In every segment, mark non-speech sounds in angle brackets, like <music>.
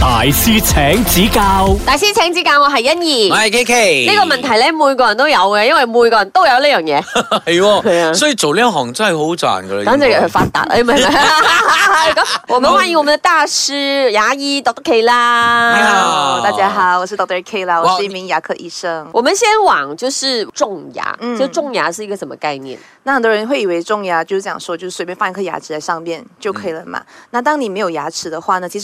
大師請指教，大師請指教，我係欣宜，我係 K K。呢、這個問題呢，每個人都有嘅，因為每個人都有呢樣嘢。係、 <laughs> 哦啊，所以做呢一行真係好賺噶啦，等陣又去發達你咁， <laughs> 哎、不 <laughs> <laughs> <laughs> 我們歡迎我們的大師牙 <laughs> 醫 Doctor Kyla 啦。大家好，我是 Doctor Kyla 啦，我是一名牙科醫生。我，我們先往就是種牙，就種牙是一個什麼概念？嗯、那很多人會以為種牙就是講說，就是隨便放一顆牙齒在上面就可以了嘛。嗯、那當你沒有牙齒的話呢，其實。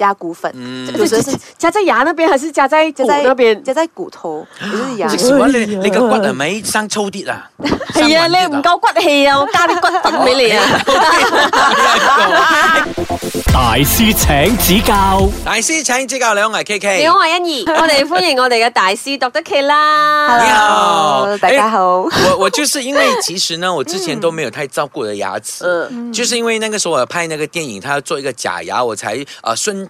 加骨粉，嗯，就是、就是加在牙那邊還是加在加在那邊？加在骨頭不是牙邊。你你個骨係咪生粗啲啊？係啊，你唔夠、啊哎、骨氣啊！我加啲骨粉俾你啊！哦哎、okay, <laughs> 大師請指教，大師請指教，你好啊，K K，你好啊，欣宜，我哋歡迎我哋嘅大師 Doctor K 啦。你好、哦，大家好。欸、 <laughs> 我我就是因為其實呢，我之前都沒有太照顧嘅牙齒、嗯，就是因為那個時候我拍那個電影，他要做一個假牙，我才啊順。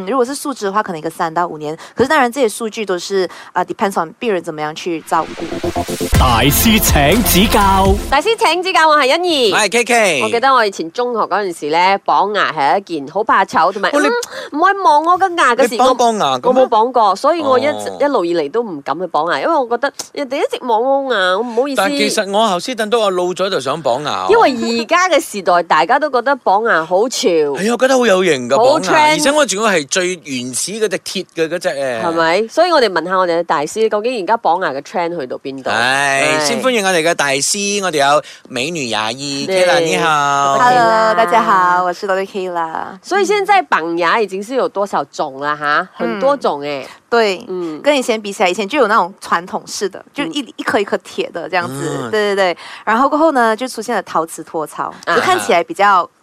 嗯、如果是數字嘅話，可能一個三到五年。可是當然，這些數據都是啊、uh，depends on 病人點樣去照顧。大師請指教，大師請指教，我係欣宜，我係 KK。我記得我以前中學嗰陣時咧，綁牙係一件好怕醜同埋，唔可以望我嘅牙嘅時候牙，我冇綁過，所以我一、oh. 一路以嚟都唔敢去綁牙，因為我覺得人哋一直望我牙，我唔好意思。但其實我先等都都老咗就想綁牙。因為而家嘅時代 <laughs> 大家都覺得綁牙好潮，係、哎、啊，我覺得好有型㗎，綁牙，而且我仲要係。最原始嗰隻鐵嘅嗰隻誒，係咪？所以我哋問下我哋嘅大師，究竟而家綁牙嘅 trend 去到邊度？係、哎，先歡迎我哋嘅大師，我哋有美女牙醫 Kyla 你好，Hello，大家好，我是 Dr Kyla。所以現在綁牙已經是有多少種啦？吓、嗯，很多種誒，對、嗯，跟以前比起來，以前就有那種傳統式的，就一、嗯、一顆一顆鐵的這樣子、嗯，對對對。然後過後呢，就出現了陶瓷托槽、啊，就看起來比較。